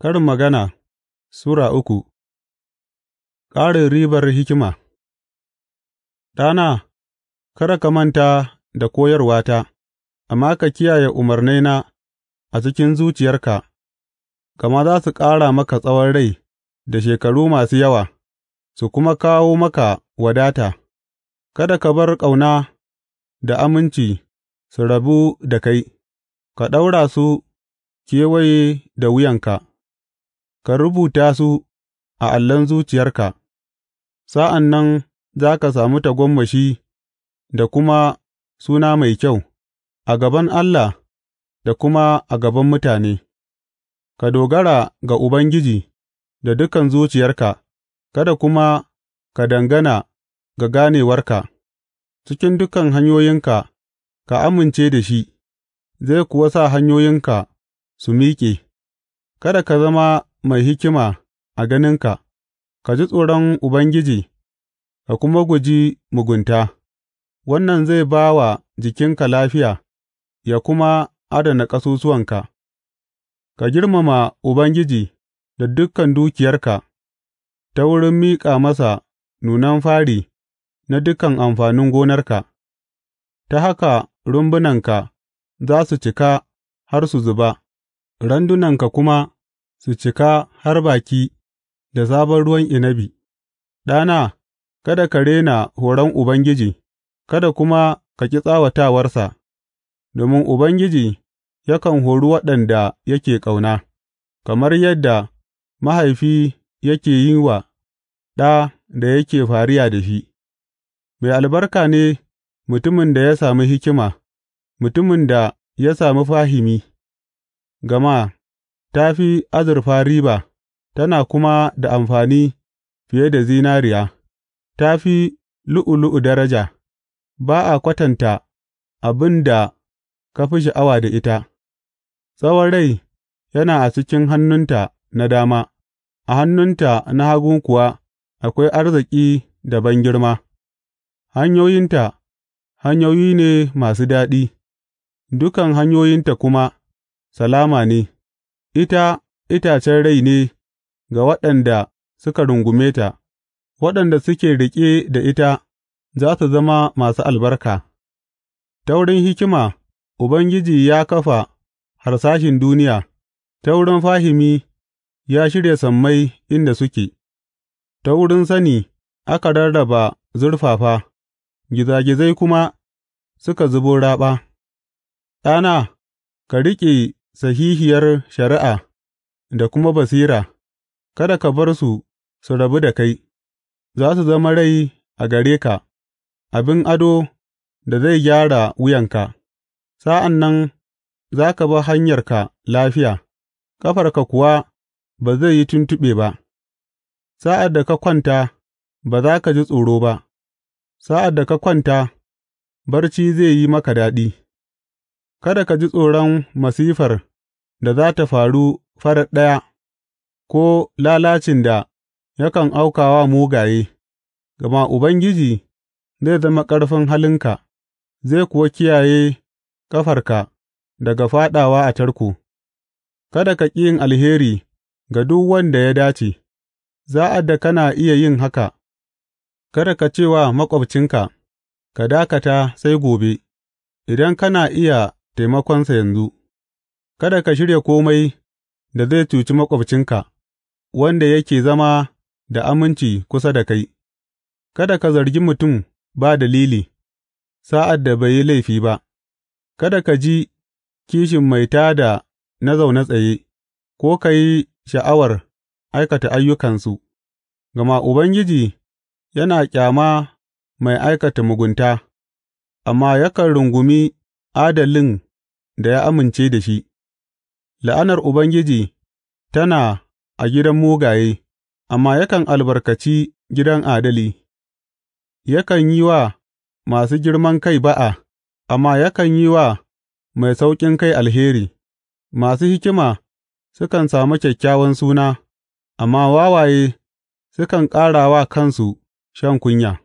Karin Magana Sura uku Ƙarin ribar hikima Ɗana, kada ka manta da koyarwata, amma ka kiyaye umarnaina a cikin zuciyarka, gama za su ƙara maka tsawon rai da shekaru masu yawa, su kuma kawo maka wadata, kada ka bar ƙauna da aminci su rabu da kai, ka ɗaura su kewaye da wuyanka. ka rubuta su a allon zuciyarka, sa'an nan za ka sami tagomashi da kuma suna mai kyau a gaban Allah da kuma a gaban mutane, ka dogara ga Ubangiji da dukan zuciyarka, kada kuma ka dangana ga ganewarka, cikin dukan hanyoyinka ka amince da shi, zai kuwa sa hanyoyinka su miƙe, kada ka zama mai hikima a ganinka, ka ji tsoron Ubangiji ka kuma guji mugunta, wannan zai ba wa jikinka lafiya ya kuma adana ƙasusuwanka, ka girmama Ubangiji da dukan dukiyarka ta wurin miƙa masa nunan fari na dukan amfanin gonarka, ta haka rumbunanka za su cika har su zuba, randunanka kuma. su cika har baki da sabon ruwan inabi, ɗana, kada ka rena horon Ubangiji, kada kuma ka ƙi tsawatawarsa, domin Ubangiji yakan hori waɗanda yake ƙauna, kamar yadda mahaifi yake yi wa ɗa da yake fariya da shi. Mai albarka ne mutumin da ya sami hikima, mutumin da ya sami fahimi, gama ta fi azurfa riba tana kuma da amfani fiye da zinariya; ta fi lu'ulu'u daraja, ba a kwatanta abin da ka fi sha'awa da ita; tsawon rai yana a cikin hannunta na dama, a hannunta na hagu kuwa akwai arziki da bangirma; hanyoyinta hanyoyi ne masu daɗi, dukan hanyoyinta kuma salama ne. Ita itacen rai ne ga waɗanda suka rungume ta; waɗanda suke riƙe da ita za su zama masu albarka, ta wurin hikima Ubangiji ya kafa harsashin duniya, ta wurin fahimi ya shirya sammai inda suke; ta wurin sani aka rarraba zurfafa, gizagizai kuma suka zubo raɓa Ɗana, ka riƙe sahihiyar shari'a da kuma basira, kada ka bar su su rabu da kai, za su zama rai a gare ka, abin ado da zai gyara wuyanka, sa'an nan za ka bi hanyarka lafiya, ƙafarka kuwa ba zai yi tuntuɓe ba, sa'ad da ka kwanta ba za ka ji tsoro ba, sa'ad da ka kwanta barci zai yi maka daɗi, kada ka ji tsoron masifar da za tă faru farat ɗaya, ko lalacin da yakan auka wa mugaye, gama Ubangiji zai zama ƙarfin halinka, zai kuwa kiyaye ƙafarka daga faɗawa a tarko, kada ka ƙi yin alheri ga duk wanda ya dace, za a da kana iya yin haka, kada ka ce wa maƙwabcinka, Ka dakata sai gobe, idan kana iya taimakonsa yanzu. Kada ka shirya kome da zai cuci maƙwabcinka, wanda yake zama da aminci kusa da kai; kada ka zargi mutum ba dalili sa'ad da bai yi laifi ba; kada ka ji kishin mai tā da na zaune tsaye, ko ka yi sha'awar aikata ayyukansu, gama Ubangiji yana ƙyama mai aikata mugunta, amma yakan rungumi adalin da ya amince da shi. La'anar Ubangiji tana a gidan mugaye, amma yakan albarkaci gidan adali; yakan yi wa masu girman kai ba'a, amma yakan yi wa mai sauƙin kai alheri; masu hikima sukan sami kyakkyawan suna, amma wawaye sukan ƙara wa kansu shan kunya.